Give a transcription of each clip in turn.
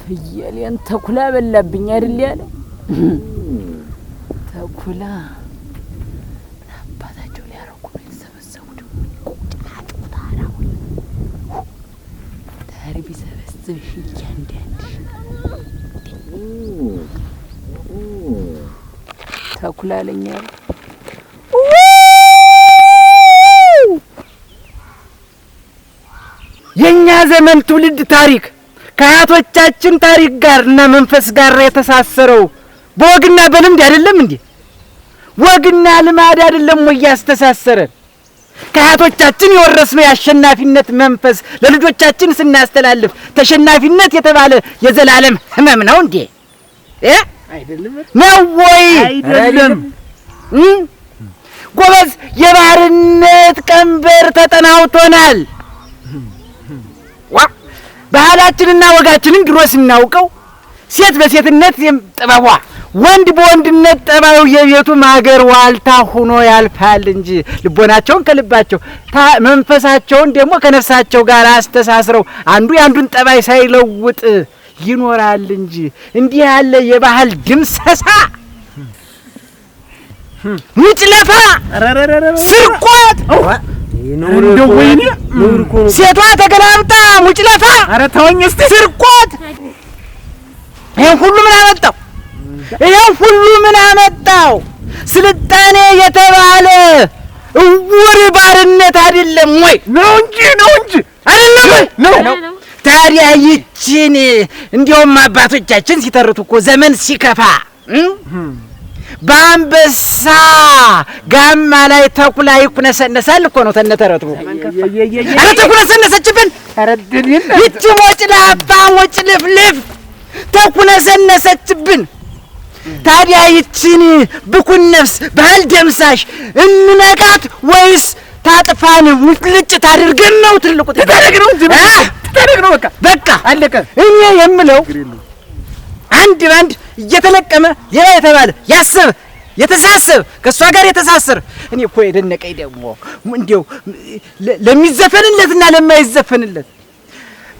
ፍየሌን ተኩላ በላብኝ አይደል ያለ ተኩላ አባታቸው ሊያረጉ ነው የተሰበሰቡ የእኛ ዘመን ትውልድ ታሪክ ከአያቶቻችን ታሪክ ጋር እና መንፈስ ጋር የተሳሰረው በወግና በልምድ አይደለም እንዴ? ወግና ልማድ አይደለም ወይ ያስተሳሰረን? ከአያቶቻችን የወረስነው የአሸናፊነት መንፈስ ለልጆቻችን ስናስተላልፍ ተሸናፊነት የተባለ የዘላለም ህመም ነው እንዴ? ነው ወይ አይደለም? ጎበዝ፣ የባርነት ቀንበር ተጠናውቶናል። ባህላችንና ወጋችንን ድሮ ስናውቀው ሴት በሴትነት ጥበቧ፣ ወንድ በወንድነት ጠባዩ የቤቱ ማገር ዋልታ ሆኖ ያልፋል እንጂ ልቦናቸውን ከልባቸው መንፈሳቸውን ደግሞ ከነፍሳቸው ጋር አስተሳስረው አንዱ የአንዱን ጠባይ ሳይለውጥ ይኖራል እንጂ እንዲህ ያለ የባህል ድምሰሳ፣ ሙጭለፋ፣ ስርቆት እንደው ወይኔ ሴቷ ተገላብጣ ሙጭለፋ። ኧረ ተወኝ እስኪ ስርቆት። ይሄን ሁሉ ምን አመጣው? ይሄን ሁሉ ምን አመጣው? ስልጣኔ የተባለ እውር ባርነት አይደለም ወይ? ነው እንጂ ነው እንጂ አይደለም ነው። ታዲያ ይችን እንዲያውም አባቶቻችን ሲተርቱ እኮ ዘመን ሲከፋ በአንበሳ ጋማ ላይ ተኩላ ይኩነሰነሳል እኮ ነው ተነተረቱ። ኧረ ተኩነሰነሰችብን። ይቺ ወጭ ላባ ወጭ ልፍልፍ ተኩነሰነሰችብን። ታዲያ ይቺን ብኩን ነፍስ ባህል ደምሳሽ እንነጋት ወይስ ታጥፋን ሙልጭ ታድርገን ነው? ትልቁ እንጂ ትታደግ ነው። በቃ በቃ አለቀ። እኔ የምለው አንድ ባንድ እየተለቀመ ሌላ የተባለ ያሰብ የተሳሰብ ከእሷ ጋር የተሳሰር እኔ እኮ የደነቀኝ ደግሞ እንዲው ለሚዘፈንለትና ለማይዘፈንለት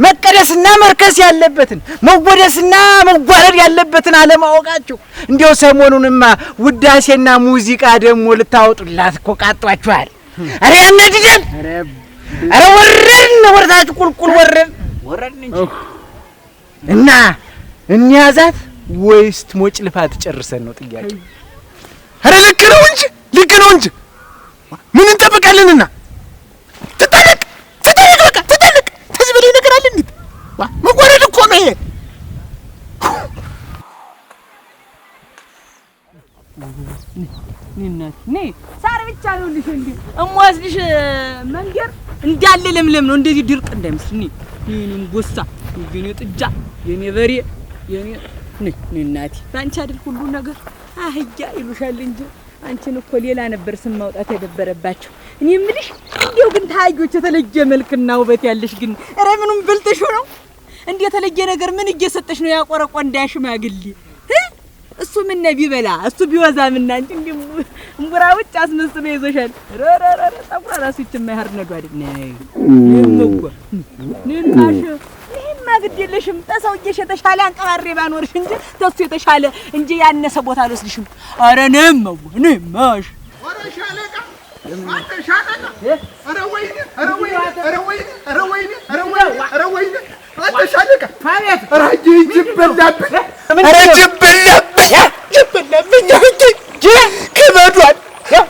መቀደስና መርከስ ያለበትን መወደስና መጓረድ ያለበትን አለማወቃችሁ። እንዲው ሰሞኑንማ ውዳሴና ሙዚቃ ደግሞ ልታወጡላት እኮ ቃጧችኋል። አረ ያናድዳል። አረ ወረድን፣ ወረታችሁ ቁልቁል ወረድን ወረድን እንጂ እና እንያዛት ወይስ ሞጭ ልፋት ጨርሰን ነው ጥያቄ። አረ ልክ ነው እንጂ ልክ ነው እንጂ ምን እንጠብቃለንና? ትጠለቅ ትጠለቅ በቃ ትጠለቅ። ከዚህ በላይ ነገር አለ? እንዴ? ዋ መጓደድ እኮ ነው ይሄ። ሳር ብቻ ነው ልሽ እንዲ እምወስድሽ መንገር እንዳለ ለምለም ነው። እንደዚህ ድርቅ እንዳይመስል እኔ እኔ ጎሳ የኔ ጥጃ የኔ በሬ የኔ እናቴ በአንቺ አይደል ሁሉ ነገር አህያ ይሉሻል እንጂ አንቺን እኮ ሌላ ነበር ስም ማውጣት የደበረባቸው። እኔ የምልሽ እንዲያው ግን ታህዮች የተለየ መልክና ውበት ያለሽ ግን ኧረ ምኑም ብልጥሹ ነው እንዴ? የተለየ ነገር ምን እየሰጠሽ ነው? ያቆረቆ እንዳያ ሽማግሌ እሱ ምን ቢበላ እሱ ቢወዛ ምና እንጂ እንዲም እምቡራ ውጭ አስመስሎ ይዞሻል። ረረረ ጠቁራ ራሱ ይችማ ያህር ነዱ አይደል ነው ነው ነው ግድ የለሽም። ተሰውዬሽ የተሻለ አንቀባሬ ባኖርሽ እንጂ ተሱ የተሻለ እንጂ ያነሰ ቦታ አልወስድሽም። ኧረ እኔማ እኔማሽ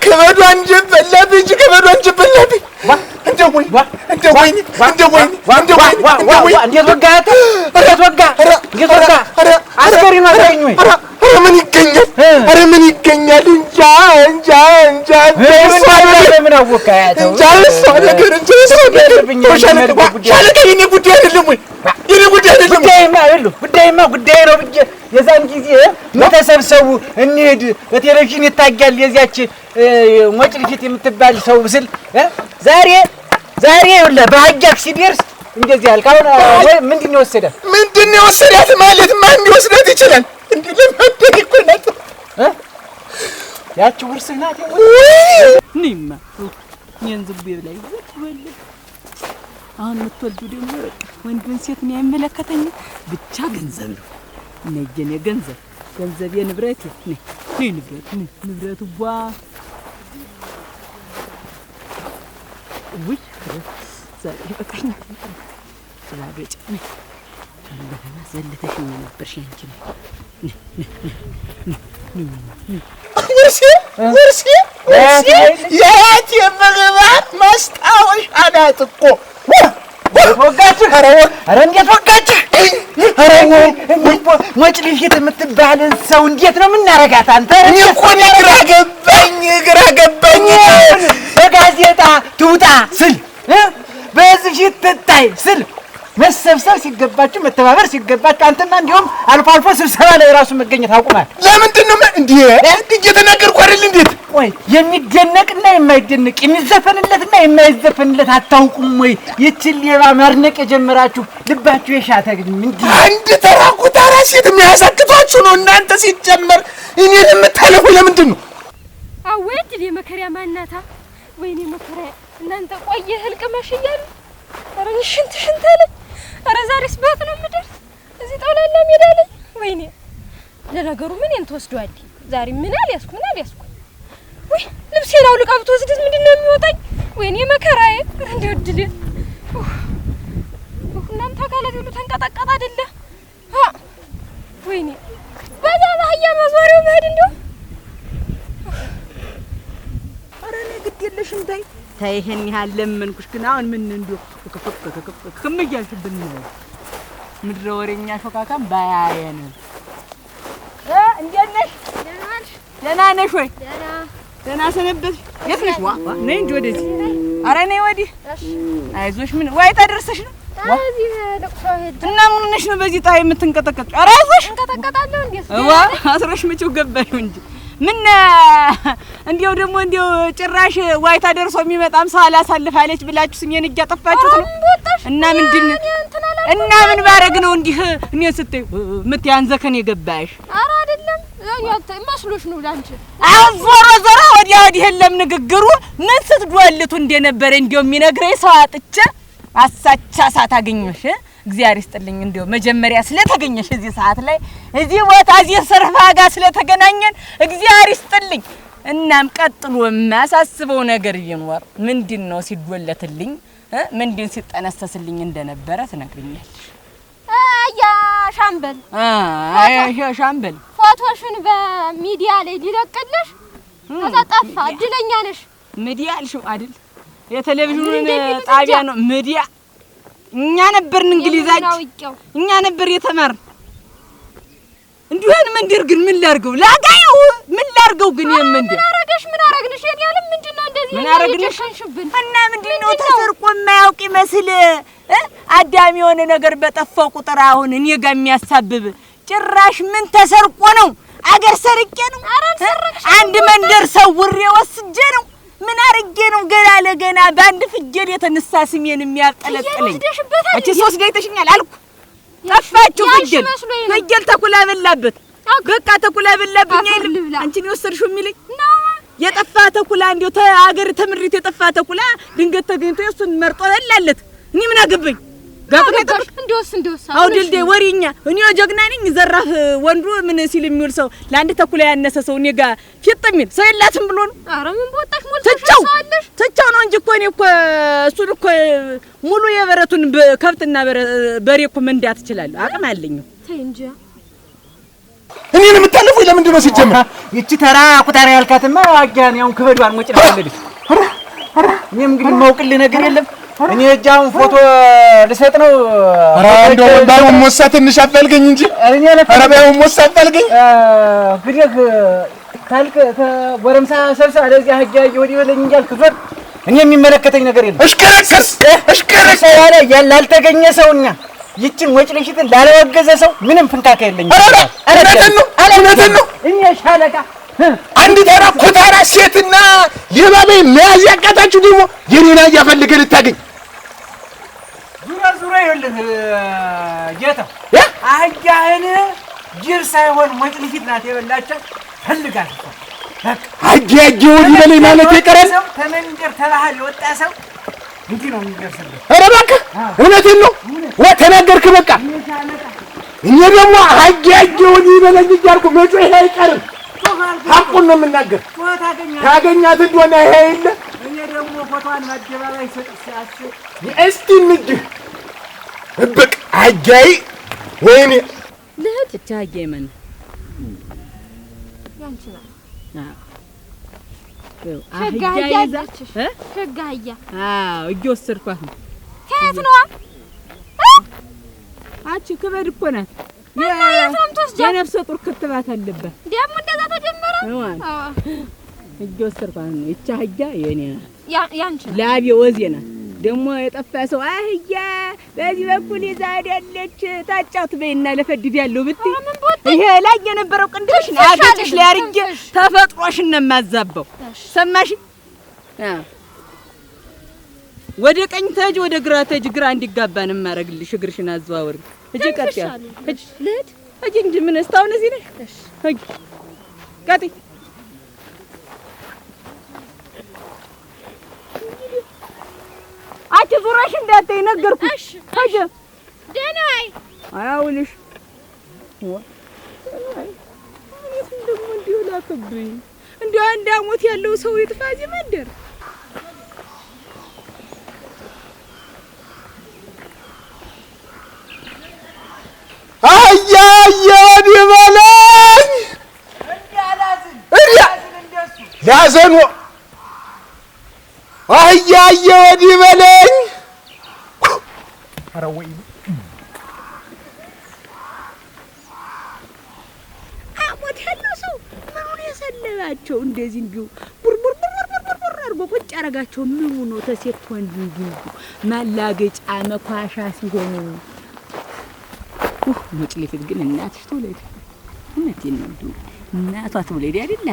ክበዷን ጅብ በላብኝ እንጂ ክበዷን ጅብ በላብኝ እንደ ወይኔ እንደ ወይኔ ምን ይገኛል? ኧረ ምን ይገኛል? እንጃ ጉዳይ ነው ብዬሽ የዛን ጊዜ ተሰብሰቡ እንሂድ በቴሌቪዥን ይታያል የዚያች ወጭ የምትባል ሰው ምስል ዛሬ ዛሬ ይኸውልህ በአጃክ ሲደርስ እንደዚህ ያልክ አሁን ምንድን ነው የወሰዳት? ምንድን ነው የወሰዳት ማለት ማን ሊወስዳት ይችላል? እንዲህ ለማደግ እኮ ናት ያቺ ውርስህ ናት። እኔማ እኔን ዝም ብዬ ብላኝ አሁን የምትወልዱ ደግሞ በቃ ወንዱን ሴት ነው አይመለከተኝ፣ ብቻ ገንዘብ ነው እኔ ገንዘብ ገንዘብ የንብረት ነው ንብረቱ ንብረቱ ቧ ውይ የት የምግባር ማስታወሻ ናት እኮ እንዴት ወጋችህ! ሞጭልፊት የምትባልን ሰው እንዴት ነው የምናረጋት? አንተ እኔ እኮ ግራ ገባኝ፣ ግራ ገባኝ በጋዜጣ ትውጣ ስል በዚህ ፊት ትታይ ስል መሰብሰብ ሲገባችሁ መተባበር ሲገባችሁ አንተና እንዲሁም አልፎ አልፎ ስብሰባ ላይ ራሱ መገኘት አቁማል። ለምንድን ነው እንዲ እየተናገርኩ አይደል? እንዴት ወይ የሚደነቅና የማይደነቅ የሚዘፈንለትና የማይዘፈንለት አታውቁም ወይ? ይችን ሌባ መርነቅ የጀመራችሁ ልባችሁ የሻተ ግን እንዲ አንድ ተራ ኩታራ ሴት የሚያሳክቷችሁ ነው እናንተ። ሲጀመር እኔን የምታለፉ ለምንድን ነው? አወጅ የመከሪያ ማናታ ወይኔ መከራ እናንተ ቆየ ህልቅ መሽያሉ ኧረ ሽንት ሽንት አለኝ። ኧረ ዛሬስ ባት ነው የምደርስ እዚህ ጠውላላ ሜዳ ላይ ወይኔ። ለነገሩ ምን ን ተወስደዋል ዛሬ ምን አልያዝኩ ምን አልያዝኩ። ወይ ልብሴን አውልቃ ብትወስድስ ምንድን ነው የሚወጣኝ? ወይኔ መከራዬ እንደው እድል እናንተ አካላት ሁሉ ተንቀጠቀጥ አይደለ ወይኔ በዛ ባህያ መዞሪያው መሄድ እንደው ኧረ እኔ ግድ የለሽም ተይ ተይ፣ ይሄን ያህል ለመንኩሽ። ግን አሁን ምን እንዲሁ ክም እያልሽብን ነው። ምድረ ወሬኛ ሾካካም ባያየን እንዴት ነሽ? ደህና ነሽ ወይ? ደህና ሰነበትሽ? የት ነሽ? ዋ ነይ እንጂ ወደዚህ። ኧረ ነይ ወዲህ። አይዞሽ ምን ዋይ ታደርሰሽ ነው እና ምን ነሽ ነው በዚህ ፀሐይ የምትንቀጠቀጥ? ኧረ አይዞሽ። እንቀጠቀጣለሁ እንዴ? ዋ አስረሽ መቼው ገባሽ እንጂ ምን እንዲያው ደግሞ እንዲያው ጭራሽ ዋይታ ደርሶ የሚመጣም ሰው አላሳልፍ አለች ብላችሁ ስሜን እጅ ነው። እና ምንድን እና ምን ባረግ ነው እንዲህ እኔን ስትይ የምትያንዘከን የገባሽ? ኧረ አይደለም መስሎሽ ነው ላንቺ። አሁን ዞሮ ወዲያ ወዲህ የለም ንግግሩ። ምን ስትጓልቱ እንደነበረ እንዲያው የሚነግረኝ ሰው አጥቼ አሳቻ ሳት አገኘሽ እግዚአብሔር ይስጥልኝ። እንዲያው መጀመሪያ ስለተገኘሽ እዚህ ሰዓት ላይ እዚህ ቦታ እዚህ ሰርፋ ጋር ስለተገናኘን እግዚአብሔር ይስጥልኝ። እናም ቀጥሎ የማያሳስበው ነገር ይኖር ምንድን ነው ሲዶለትልኝ ምንድን ሲጠነሰስልኝ እንደነበረ ትነግርኛለሽ። አያ ሻምበል አያ ሻምበል ፎቶሽን በሚዲያ ላይ ሊለቅልሽ ከዛ ጠፋ። እድለኛ ነሽ። ሚዲያ አልሽው አይደል? የቴሌቪዥኑን ጣቢያ ነው ሚዲያ እኛ ነበርን እንግሊዛች እኛ ነበር የተማርን። እንዲሁን መንደር ግን ምን ላርገው ላጋየው ምን ላርገው ግን የምንድር ምን አረገሽ? ምን አረግንሽ? የለም ምንድነው እንደዚህ ምን አረግንሽ? እና ምንድነው ተሰርቆ የማያውቅ ይመስል አዳም የሆነ ነገር በጠፋው ቁጥር አሁን እኔ ጋር የሚያሳብብ ጭራሽ ምን ተሰርቆ ነው? አገር ሰርቄ ነው? አንድ መንደር ሰውሬ ወስጄ ነው ምን አርጌ ነው ገና ለገና በአንድ ፍጀል የተነሳ ስሜን የሚያጠለጥለኝ? አንቺ ሶስት ገይተሽኛል አልኩ። ጠፋችሁ። ፍየል ፍየል ተኩላ በላበት። በቃ ተኩላ በላብኝ አይልም አንቺን የወሰድሽው የሚለኝ የጠፋ ተኩላ እንዲሁ አገር ተምሪት የጠፋ ተኩላ ድንገት ተገኝቶ የእሱን መርጦ በላለት። እኔ ምን አገባኝ? አውድልዴ ወሬኛ እኔ ጀግና ነኝ ዘራፍ ወንዱ ምን ሲል የሚውል ሰው ለአንድ ተኩላ ያነሰ ሰው እኔ ጋ ፊጥ የሚል ሰው የላትም ብሎ ነው። ኧረ ምን በወጣሽ ሙሉ ትቸው ትቸው ነው እንጂ እኮ እኔ እኮ እሱን እኮ ሙሉ የበረቱን ከብትና በሬ እኮ መንዳት እችላለሁ፣ አቅም አለኝ። ተይ እንጂ እኔን የምታለፉኝ ለምንድን ነው ሲጀመር? ይቺ ተራ ቁጣሪ ያልካትማ ዋጊያን ያውን ክበዷን ሞጭ ነው። እንግዲህ እኔም እንግዲህ የማውቅልህ ነገር የለም እኔ እጃም ፎቶ ልሰጥ ነው። ኧረ እንደው ባይሆን ሞሳ ትንሽ አፈልገኝ እንጂ ኧረ ሞሳ ታልክ ይወዲ ዞር እኔ የሚመለከተኝ ነገር የለም። ያለ ይችን ወጭ ልሽትን ላለወገዘ ሰው ምንም ፍንካካ የለኝም። እውነትን ነው እውነትን ነው። ሻለቃ አንድ ተራ ኮታራ ሴትና መያዝ ያቃታችሁ ደግሞ የኔና እያፈልገ ልታገኝ ኑሮ ይኸውልህ ጌታ አህያህን ጅር ሳይሆን ወጭልፊት ናት የበላቸው ፈልጋት አጅ አጅውን ይበለኝ ማለት የቀረን ከመንገር ተባህል የወጣ ሰው እንዲህ ነው የሚደርስልህ። ኧረ እባክህ እውነቴን ነው ወይ ተናገርክ? በቃ እኔ ደግሞ አጅ አጅውን ይበለኝ እያልኩ መጮህ አይቀርም። ሀቁን ነው የምናገር። ታገኛት እንደሆነ ይሄ የለ እኔ ደግሞ ፎቶዋን አደባባይ ሰጥ ሲያስብ እስቲ እንጅህ እብቅ አጃይ ወይኔ ልህት እቻ ምን ሸጋያ ነው። ከየት ነዋ? አንቺ ክበድ እኮ ናት። የነፍሰ ጡር ክትባት አለባት። ደግሞ እንደዛ ተጀመረ። እጅ ነው። እቻ አጃ የእኔ ናት። ያንቺ ላቤ ወዜ ናት። ደግሞ የጠፋ ሰው አህያ በዚህ በኩል ይዛ አይደለች ታጫት በይና ለፈድድ ያለው ብት ይሄ ላይ የነበረው ቅንድሽ አገጭሽ ላይ አርጌ ተፈጥሮሽ ነው ሰማሽ? ወደ ቀኝ ተጅ፣ ወደ ግራ ተጅ፣ ግራ እንዲጋባን የማረግልሽ እግርሽን አዘዋወሪ። እጅ ቀጥ ያለ እጅ እንጂ ምን እስታውን እዚህ ነሽ? እጅ ቀጥይ አንቺ ዙረሽ እንዳታይ ነገርኩሽ። ሂጅ ደህና አይ አያውልሽ እኔም ደግሞ እንዲሁ ላከብኝ እንዲሁ አንድ አሞት ያለው ሰው ይጥፋ እዚህ መንደር አያ ይበላኝ ላዘን አያ አያድ አረወይ አሞት ያለው ሰው ምኑን የሰለባቸው እንደዚህ እንዲሁ ቁጭ ያረጋቸው ምኑ ነው? ተሴት ወንድ እንዲሁ ማላገጫ መኳሻ ሲሆኑ ሞጭ ግን እናትሽ ትውለድ እውነቴን ነው እንዲሁ እናቷ ትውለድ አይደል?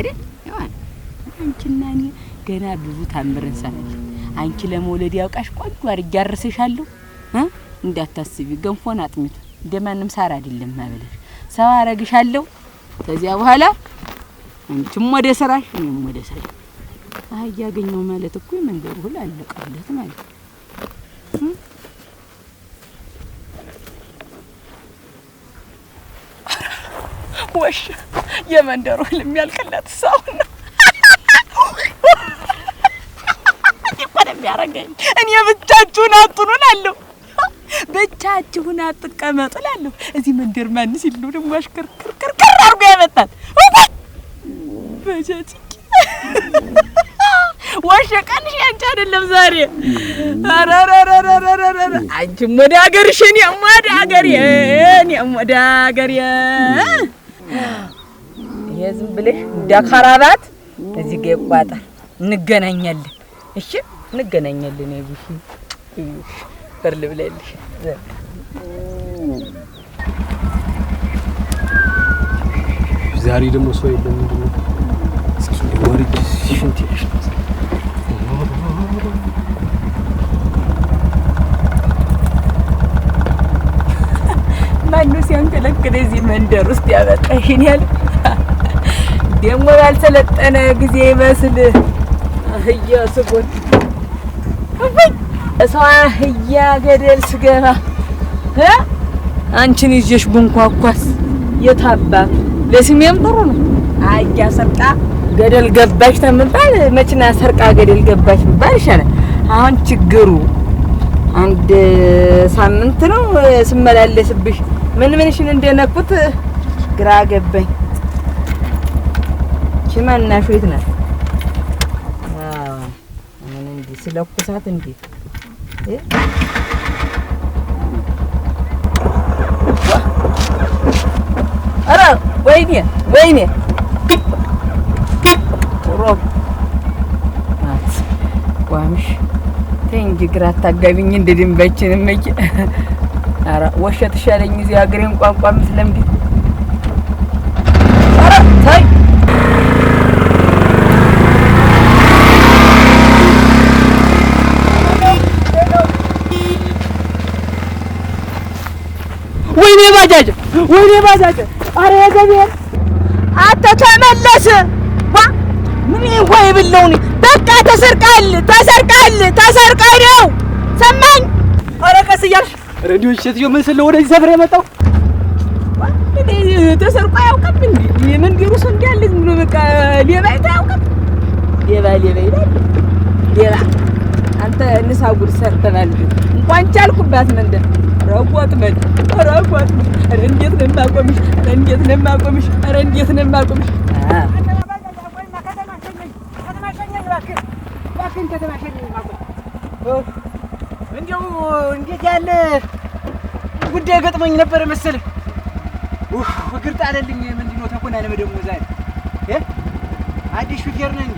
አይደል? አንቺና እኔ ገና ብዙ አንቺ ለመውለድ ያውቃሽ ቆንጆ አድርጌ አርስሻለሁ። እንዳታስቢ ገንፎን አጥሚቱ እንደማንም ሳር አይደለም ማበለሽ ሰው አረግሻለሁ። ከዚያ በኋላ አንቺም ወደ ስራሽ እኔም ወደ ስራሽ። አህያ ያገኘው ማለት እኮ መንገዱ ሁሉ አለቀለት ማለት ወሽ የመንደሩ የሚያልቅላት ሰው ነው። ያደረገኝ። እኔ ብቻችሁን አትኑ እላለሁ፣ ብቻችሁን አትቀመጡ እላለሁ። እዚህ መንደር ማን ሲሉ ደግሞ አሽከርክርክር አድርጎ ያመጣል በጃጅ ወሸቀንሽ አንቺ አይደለም ዛሬ። ኧረ አንቺም ወደ ሀገርሽ እኔም ወደ ሀገሬ እኔም ወደ ሀገሬ። ይሄ ዝም ብለሽ እንደ ከራባት እዚህ ጋ ይቋጠር። እንገናኛለን እሺ። እንገናኛለን። ይብሽ በር ልብለልሽ። ዛሬ ደግሞ ሰው የለም። ምንድን ሽንት ይልሽ ማነው ሲያንከለክል እዚህ መንደር ውስጥ ያበቃሽን ያለ ደግሞ ያልሰለጠነ ጊዜ ይመስል እያስቦት ሰዋ አህያ ገደል ስገባ አንቺን ይዤሽ ብንኳኳስ የታባቱ ለስሜም ጥሩ ነው። አያ ሰርቃ ገደል ገባች ተምባል መችና ሰርቃ ገደል ገባች ምባል ይሻላል። አሁን ችግሩ አንድ ሳምንት ነው ስመላለስብሽ ምን ምንሽን እንደነኩት ግራ ገባኝ። ችማናሾ የት ናት? ምን እንዲህ ስለኩሳት እንዴት 예? ኧረ ወይኔ ወይኔ ሮብ ቋምሽ ግራ አታጋቢኝ። እንደ ድንባችን መቼ ኧረ ወሸት ሻለኝ እዚህ ሀገሬን ቋንቋ የምትለምድ ኧረ ተይ ወይኔ ባጃጅ፣ ወይኔ ባጃጅ! አረ የገበሬ አንተ ተመለስ። ዋ! ምን ይሆይ ብለው ነው። በቃ ተሰርቃል፣ ተሰርቃል፣ ተሰርቃይ ነው። ሰማኝ። አረ ቀስ እያልሽ ሬዲዮ ሴትዮ ምን ስለ ወደዚህ ሰፈር የመጣው ተሰርቆ አያውቅም። እንዲ የመንገዱ ሰው እንዲያለ ዝም ብሎ በቃ ሌባ አያውቅም። ሌባ ሌባ ይላል ሌባ። አንተ ንሳ ጉድ ሰርተናል። እንኳን ቻልኩባት መንደር ረጓጥመኝ ረጓጥመኝ። ኧረ እንዴት ነው የማቆምሽ? ኧረ እንዴት ነው የማቆምሽ? ኧረ እንዴት ነው የማቆምሽ? እንዲሁ እንዴት ያለ ጉዳይ ገጥሞኝ ነበር መሰለህ። እግር ጣለልኝ። ምንድን ነው ተኮናነመ ደግሞ ዛሬ አዲስ ሹፌር ነህ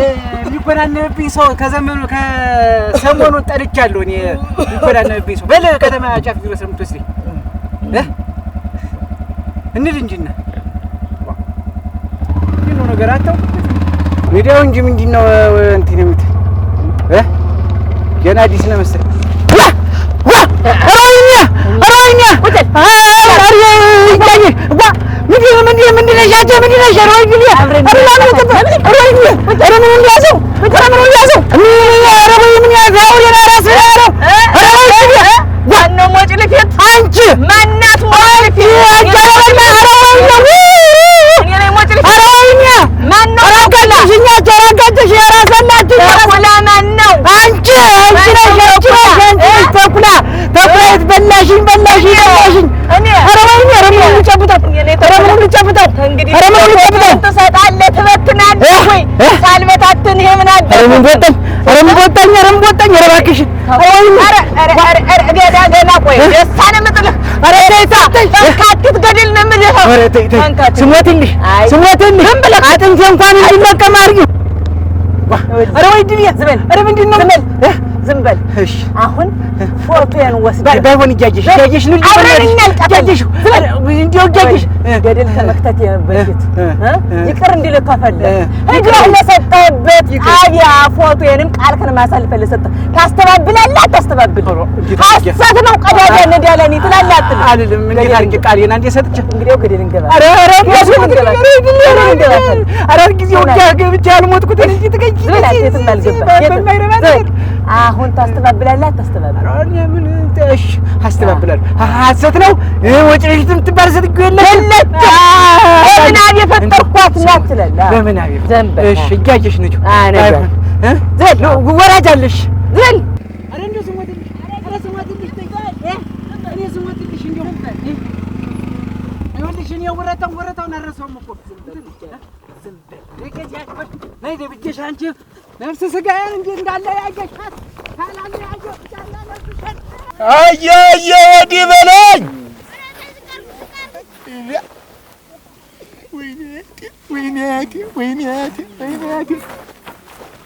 የሚጎናነብብኝ ሰው ከዘመኑ ከሰሞኑ ጠልቻለሁ። እኔ የሚጎናነብብኝ ሰው በል ከተማ ጫፍ ድረስ ነው የምትወስደኝ። እንሂድ እንጂ ነው ነገር አታው ሚዲያው እንጂ ምንድን ነው እንትን የምትል ገና አዲስ ነው መሰለኝ። ኧረ ወይኔ ኧረ ወይኔ ምንድን ነው እንኳን እንዲመቀም አድርጊው። ኧረ ወይ ድል! ኧረ ምንድን ነው ዝም በል እሺ። አሁን ፎቶዬን ወስደህ ባይሆን እያየሽ እያየሽ ነው እያየሽ እንዲያው እያየሽ ገደል ከመክተት የበፊት ይቅር እንዲልህ ከፈለህ እግርህ ለሰጠህበት አብያ ፎቶዬንም ቃልክን ማሳልፈህ ለሰጠህ ታስተባብላለህ። አታስተባብል ሀሰት ነው። ቀዳዳ ነዳለኒ ትላለህ አትልም አልልም። እንዴት አድርጌ ቃሌን አንዴ ሰጥቼ እንግዲያው ገደል እንገባለን። ኧረ ኧረ ኧረ ገብቼ ያልሞትኩትን እንጂ ትገኝ በማይረባ አሁን ታስተባብላለህ አታስተባብላለህ? እሺ፣ አስተባብላለሁ። ሀሰት ነው ወጪ ልጅ የምትባል ሴትዮ የለችም። በምናብ የፈጠርኳት ናት እሺ፣ እያየሽ ነች። ዘል ወራጅ አለሽ ዘል ነይ ደብቄሽ አንቺ ነፍስ ስጋዬን እንዲህ እንዳለ ያየሻት አየ አየ ወዲህ በለኝ።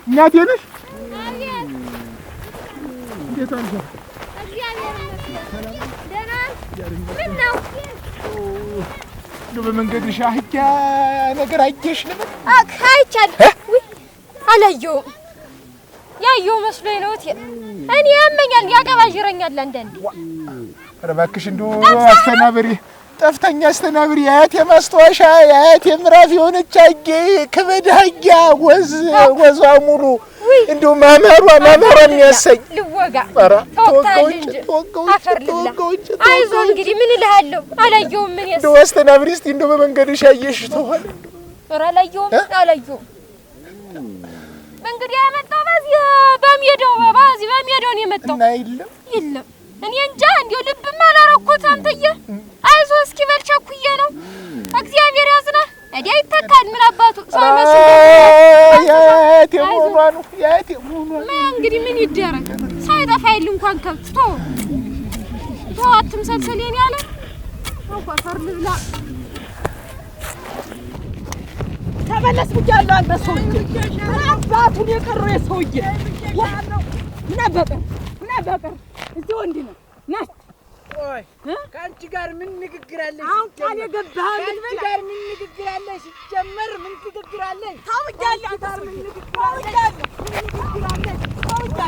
እናቴ ነሽ። እንዴት አልሽ? እንደው በመንገድሽ አህያ ነገር አየሽ ነበር? አላየሁም ያየሁ መስሎኝ ነው። እኔ ያመኛል፣ ያቀባዥረኛል አንዳንዴ። ኧረ እባክሽ እንደው አስተናብሪ፣ ጠፍተኛ አስተናብሪ። የአያቴ ማስታወሻ የአያቴ ምዕራፍ የሆነች አጌ ክበድ አጊያ ወዝ ወዟ ሙሉ እንደው ማማሯ ማማሯ የሚያሰኝ ልወጋ እንግዲህ ምን እልሃለሁ። አላየሁም። ምን እንደው አስተናብሪ እስኪ እንደው በመንገድሽ ያየሽ ተሆነ። ኧረ አላየሁም፣ አላየሁም በሜዳው ባባ እዚህ በሜዳው ነው የመጣው። የለም የለም እኔ እንጃ እንዲያው ልብም አላረኩት። አንተዬ አይዞ እስኪ በል ቸኩዬ ነው እግዚአብሔር ያዝና እንዲያ ይተካል ምን አባቱ ሰው እንግዲህ ምን ይደረግ ሳይጠፋ የለ እንኳን ከብት ቶ ቶ አትምሰልሰሌን ያለ ፈር ልብላ ተመለስ ብያለሁ። አንበሳው አባቱን የቀረው የሰውዬ እዚህ ወንድ ከአንቺ ጋር ምን ንግግር አለሽ? አሁን ቃል የገባህ ምን ንግግር አለሽ? ሲጀመር ምን ንግግር አለሽ? ታውቂያለሽ? ምን ንግግር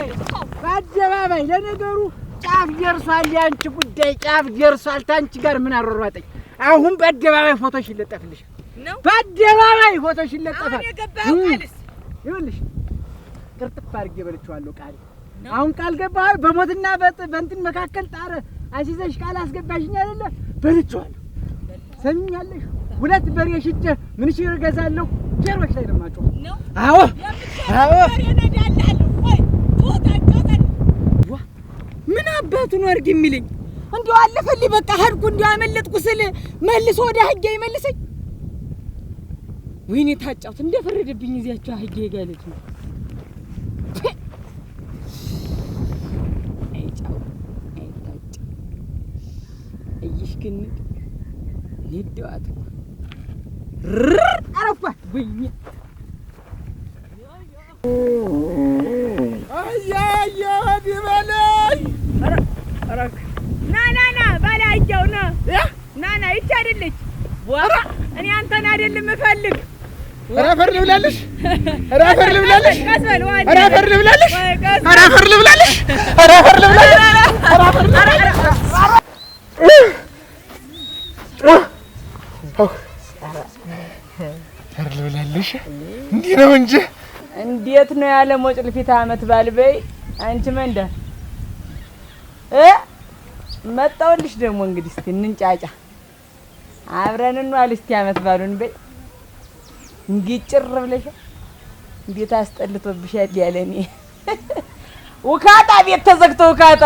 አለሽ? በአደባባይ ለነገሩ ጫፍ ደርሷል። የአንቺ ጉዳይ ጫፍ ደርሷል። ታንቺ ጋር ምን አሯሯጠኝ? አሁን በአደባባይ ፎቶሽ ይለጠፍልሻል። በአደባባይ ፎቶሽ ይለጠፋል። ይኸውልሽ ቅርጥፍ አድርጌ በልቼዋለሁ። ቃል አሁን ቃል ገባህ። በሞትና በእንትን መካከል ጣረ አሲዘሽ ቃል አስገባሽኝ አይደለ? በልቼዋለሁ። ሰሚኛለሽ? ሁለት በሬ ሽጬ ምን ሺህ እገዛለሁ። ጀርበሽ ላይ ደማጮ አዎ፣ አዎ ምን አባቱ ነው እርግ የሚልኝ? እንዲሁ አለፈልኝ። በቃ ሀድኩ እንዲሁ አመለጥኩ ስል መልሶ ወደ ህጌ ይመልሰኝ። ወይኔ ታጫውት እንደፈረደብኝ እዚያቸው ህጌ ጋለች ነው ምስኪንት ነደዋት እኮ አረፏት። ወይኔ አያየሁት ይበለኝ። ና ና ና ባላየው ይቺ አይደለች። እኔ አንተን አይደለም እፈልግ ኧረ አፈር ልብላለሽ! አፈር ልብላለሽ! አፈር ልብላለሽ! አፈር ልብላለሽ! አፈር ልብላለሽ! እንዲህ ነው እንጂ እንዴት ነው ያለ ሞጭልፊት ልፊት አመት ባልበይ አንቺ መንደር እ መጣሁልሽ ደግሞ እንግዲህ እስቲ እንንጫጫ አብረን እንዋል እስቲ አመት ባሉን በይ እንግጭር ብለሻል። እንዴት አስጠልቶብሻል ያለ ውካጣ ቤት ተዘግቶ ውካጣ